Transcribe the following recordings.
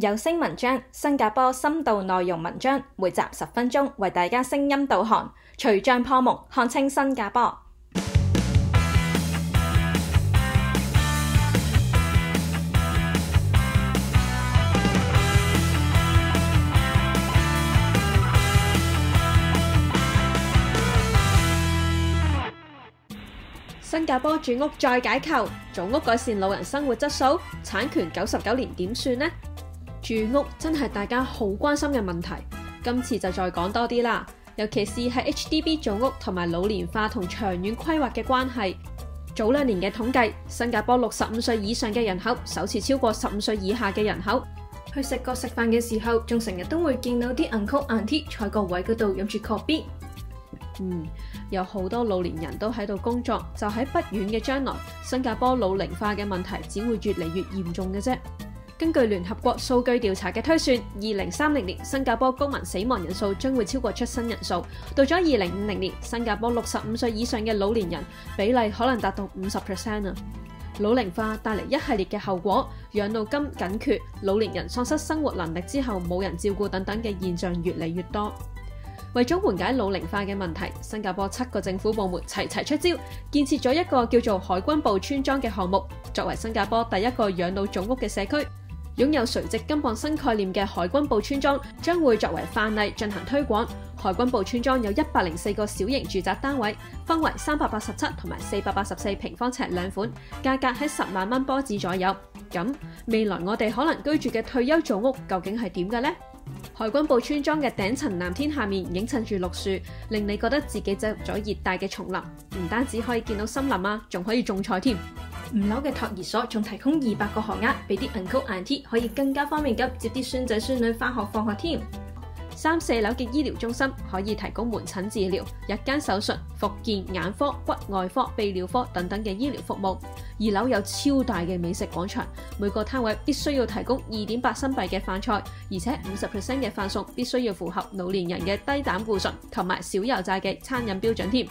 有聲文章，新加坡深度內容文章，每集十分鐘，為大家聲音導航，除障破夢，看清新加坡。新加坡住屋再解構，組屋改善老人生活質素，產權九十九年點算呢？住屋真係大家好關心嘅問題，今次就再講多啲啦。尤其是喺 HDB 組屋同埋老年化同長遠規劃嘅關係。早兩年嘅統計，新加坡六十五歲以上嘅人口首次超過十五歲以下嘅人口。去食個食飯嘅時候，仲成日都會見到啲 uncle、auntie 坐喺個位嗰度飲住 kopi。嗯，有好多老年人都喺度工作，就喺不遠嘅將來，新加坡老齡化嘅問題只會越嚟越嚴重嘅啫。根據聯合國數據調查嘅推算，二零三零年新加坡公民死亡人數將會超過出生人數。到咗二零五零年，新加坡六十五歲以上嘅老年人比例可能達到五十 percent 啊。老齡化帶嚟一系列嘅後果，養老金緊缺，老年人喪失生活能力之後冇人照顧，等等嘅現象越嚟越多。為咗緩解老齡化嘅問題，新加坡七個政府部門齊齊出招，建設咗一個叫做海軍部村莊嘅項目，作為新加坡第一個養老組屋嘅社區。擁有垂直甘榜新概念嘅海軍部村莊將會作為範例進行推廣。海軍部村莊有一百零四個小型住宅單位，分為三百八十七同埋四百八十四平方尺兩款，價格喺十萬蚊波子左右。咁未來我哋可能居住嘅退休組屋究竟係點嘅呢？海軍部村莊嘅頂層藍天下面映襯住綠樹，令你覺得自己走入咗熱帶嘅叢林。唔單止可以見到森林啊，仲可以種菜添。五樓嘅托兒所仲提供二百個學額，俾啲銀曲癌 t 可以更加方便咁接啲孫仔孫女翻學放學添。三四樓嘅醫療中心可以提供門診治療、日間手術、復健、眼科、骨外科、泌尿科等等嘅醫療服務。二樓有超大嘅美食廣場，每個攤位必須要提供二點八新幣嘅飯菜，而且五十 percent 嘅飯餸必須要符合老年人嘅低膽固醇同埋少油炸嘅餐飲標準添。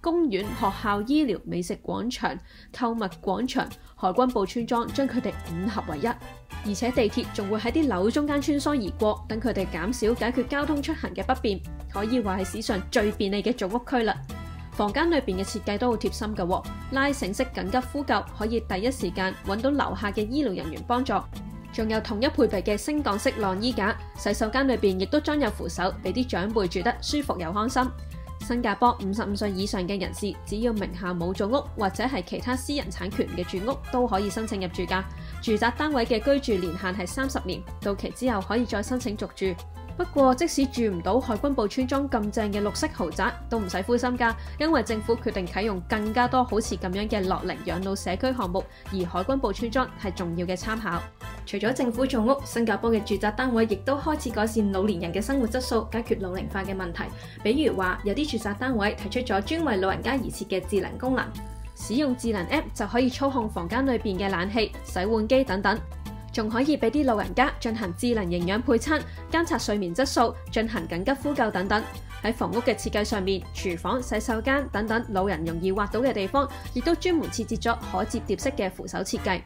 公園、學校、醫療、美食廣場、購物廣場、海軍部村莊，將佢哋五合為一，而且地鐵仲會喺啲樓中間穿梭而過，等佢哋減少解決交通出行嘅不便，可以話係史上最便利嘅組屋區啦。房間裏邊嘅設計都好貼心嘅，拉繩式緊急呼救可以第一時間揾到樓下嘅醫療人員幫助，仲有同一配備嘅升降式晾衣架。洗手間裏邊亦都裝有扶手，俾啲長輩住得舒服又安心。新加坡五十五歲以上嘅人士，只要名下冇組屋或者係其他私人產權嘅住屋，都可以申請入住噶住宅單位嘅居住年限係三十年，到期之後可以再申請續住。不過即使住唔到海軍部村莊咁正嘅綠色豪宅，都唔使灰心噶因為政府決定啟用更加多好似咁樣嘅樂齡養老社區項目，而海軍部村莊係重要嘅參考。除咗政府做屋，新加坡嘅住宅單位亦都開始改善老年人嘅生活質素，解決老齡化嘅問題。比如話，有啲住宅單位提出咗專為老人家而設嘅智能功能，使用智能 App 就可以操控房間裏面嘅冷氣、洗碗機等等，仲可以俾啲老人家進行智能營養配餐、監察睡眠質素、進行緊急呼救等等。喺房屋嘅設計上面，廚房、洗手間等等老人容易滑倒嘅地方，亦都專門設置咗可摺疊式嘅扶手設計。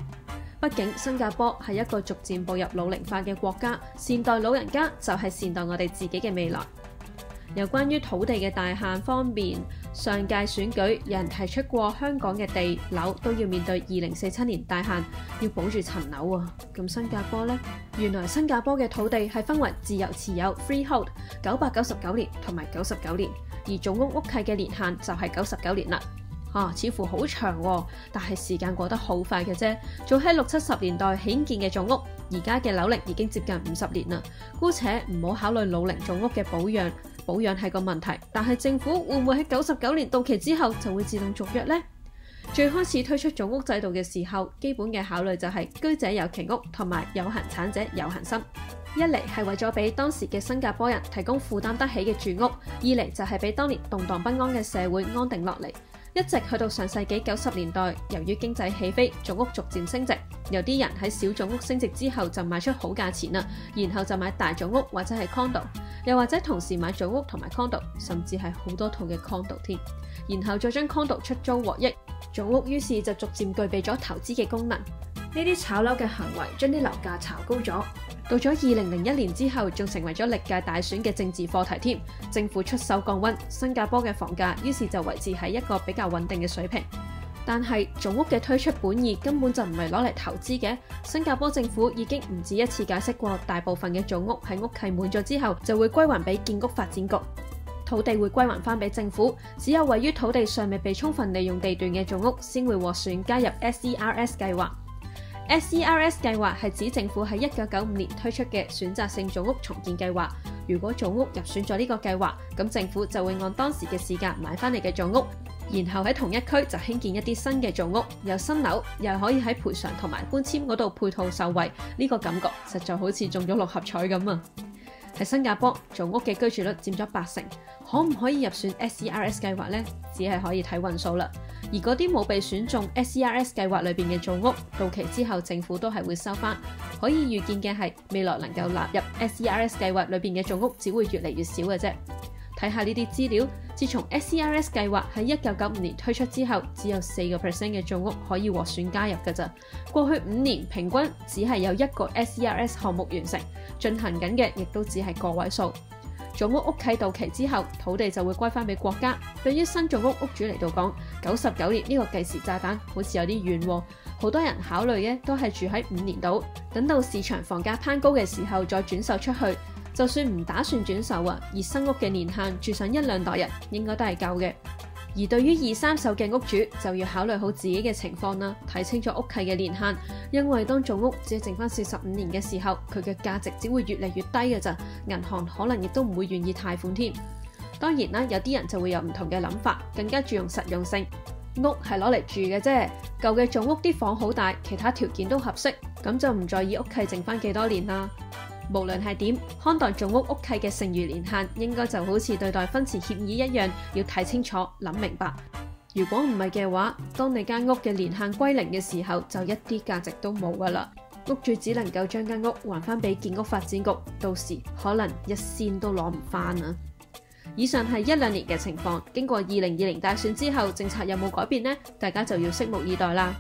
畢竟新加坡係一個逐漸步入老齡化嘅國家，善待老人家就係善待我哋自己嘅未來。有關於土地嘅大限方面，上屆選舉有人提出過香港嘅地樓都要面對二零四七年大限，要保住層樓啊。咁新加坡呢？原來新加坡嘅土地係分為自由持有 （freehold） 九百九十九年同埋九十九年，而組屋屋契嘅年限就係九十九年啦。啊、哦，似乎好長，哦，但係時間過得好快嘅啫。早喺六七十年代興建嘅組屋，而家嘅樓齡已經接近五十年啦。姑且唔好考慮老齡組屋嘅保養，保養係個問題。但係政府會唔會喺九十九年到期之後就會自動續約咧？最開始推出組屋制度嘅時候，基本嘅考慮就係居者有其屋，同埋有恆產者有恆心。一嚟係為咗俾當時嘅新加坡人提供負擔得起嘅住屋，二嚟就係俾當年動盪不安嘅社會安定落嚟。一直去到上世紀九十年代，由於經濟起飛，組屋逐漸升值，有啲人喺小組屋升值之後就賣出好價錢啦，然後就買大組屋或者係 condo，又或者同時買組屋同埋 condo，甚至係好多套嘅 condo 添，然後再將 condo 出租獲益，組屋於是就逐漸具備咗投資嘅功能。呢啲炒樓嘅行為將啲樓價炒高咗。到咗二零零一年之後，仲成為咗歷屆大選嘅政治課題添。政府出手降溫，新加坡嘅房價於是就維持喺一個比較穩定嘅水平。但係，組屋嘅推出本意根本就唔係攞嚟投資嘅。新加坡政府已經唔止一次解釋過，大部分嘅組屋喺屋契滿咗之後就會歸還俾建屋發展局，土地會歸還翻俾政府。只有位於土地尚未被充分利用地段嘅組屋，先會獲選加入 SERS 計劃。SERS 計劃係指政府喺一九九五年推出嘅選擇性組屋重建計劃。如果組屋入選咗呢個計劃，咁政府就會按當時嘅市價買翻嚟嘅組屋，然後喺同一區就興建一啲新嘅組屋，有新樓，又可以喺賠償同埋搬遷嗰度配套受惠。呢個感覺實在好似中咗六合彩咁啊！喺新加坡，組屋嘅居住率佔咗八成，可唔可以入選 SERS 計劃呢？只係可以睇運數啦。而嗰啲冇被選中 SERS 計劃裏面嘅組屋，到期之後政府都係會收翻。可以預見嘅係，未來能夠納入 SERS 計劃裏面嘅組屋，只會越嚟越少嘅啫。睇下呢啲資料，自從 SERS 計劃喺一九九五年推出之後，只有四個 percent 嘅組屋可以獲選加入嘅咋。過去五年平均只係有一個 SERS 項目完成，進行緊嘅亦都只係個位數。組屋屋契到期之後，土地就會歸翻俾國家。對於新組屋屋主嚟到講，九十九年呢個計時炸彈好似有啲遠，好多人考慮嘅都係住喺五年度，等到市場房價攀高嘅時候再轉售出去。就算唔打算轉售啊，而新屋嘅年限住上一兩代人應該都係夠嘅。而對於二三手嘅屋主，就要考慮好自己嘅情況啦，睇清楚屋契嘅年限。因為當組屋只剩翻四十五年嘅時候，佢嘅價值只會越嚟越低嘅咋，銀行可能亦都唔會願意貸款添。當然啦，有啲人就會有唔同嘅諗法，更加注重實用性。屋係攞嚟住嘅啫，舊嘅組屋啲房好大，其他條件都合適，咁就唔在意屋契剩翻幾多年啦。無論係點，看待組屋屋契嘅剩餘年限，應該就好似對待婚前協議一樣，要睇清楚、諗明白。如果唔係嘅話，當你間屋嘅年限歸零嘅時候，就一啲價值都冇噶啦，屋主只能夠將間屋還翻俾建屋發展局，到時可能一仙都攞唔翻啊！以上係一兩年嘅情況，經過二零二零大選之後，政策有冇改變呢？大家就要拭目以待啦。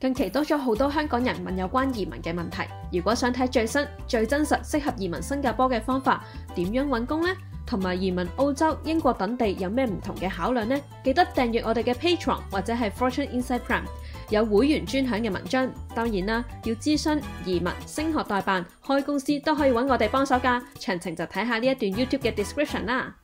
近期多咗好多香港人問有關移民嘅問題。如果想睇最新、最真實、適合移民新加坡嘅方法，點樣揾工呢？同埋移民澳洲、英國等地有咩唔同嘅考量呢？記得訂閱我哋嘅 Patreon 或者係 Fortune Insight Prime 有會員專享嘅文章。當然啦，要諮詢移民、升學、代辦、開公司都可以揾我哋幫手㗎。詳情就睇下呢一段 YouTube 嘅 description 啦。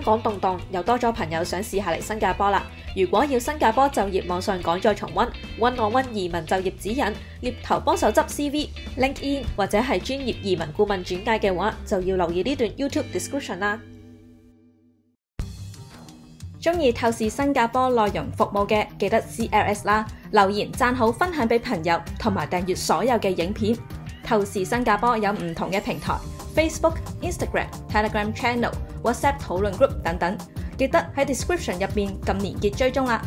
香港動盪，又多咗朋友想試下嚟新加坡啦。如果要新加坡就業，網上趕再重温，温我温移民就業指引，獵頭幫手執 CV Link、LinkedIn 或者係專業移民顧問轉介嘅話，就要留意呢段 YouTube description 啦。中意透視新加坡內容服務嘅，記得 CLS 啦，留言讚好、分享俾朋友同埋訂閱所有嘅影片。透視新加坡有唔同嘅平台。Facebook、Instagram、Telegram Channel、WhatsApp 討論 group 等等，記得喺 description 入面撳連結追蹤啦，啊。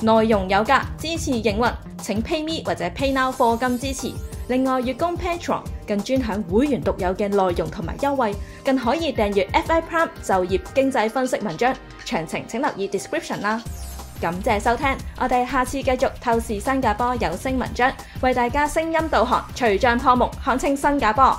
內容有價，支持營運，請 PayMe 或者 PayNow 課金支持。另外月供 Patreon 更專享會員獨有嘅內容同埋優惠，更可以訂閱 FI Prime 就業經濟分析文章，詳情請留意 description 啦。感謝收聽，我哋下次繼續透視新加坡有聲文章，為大家聲音導航，除障破目，看清新加坡。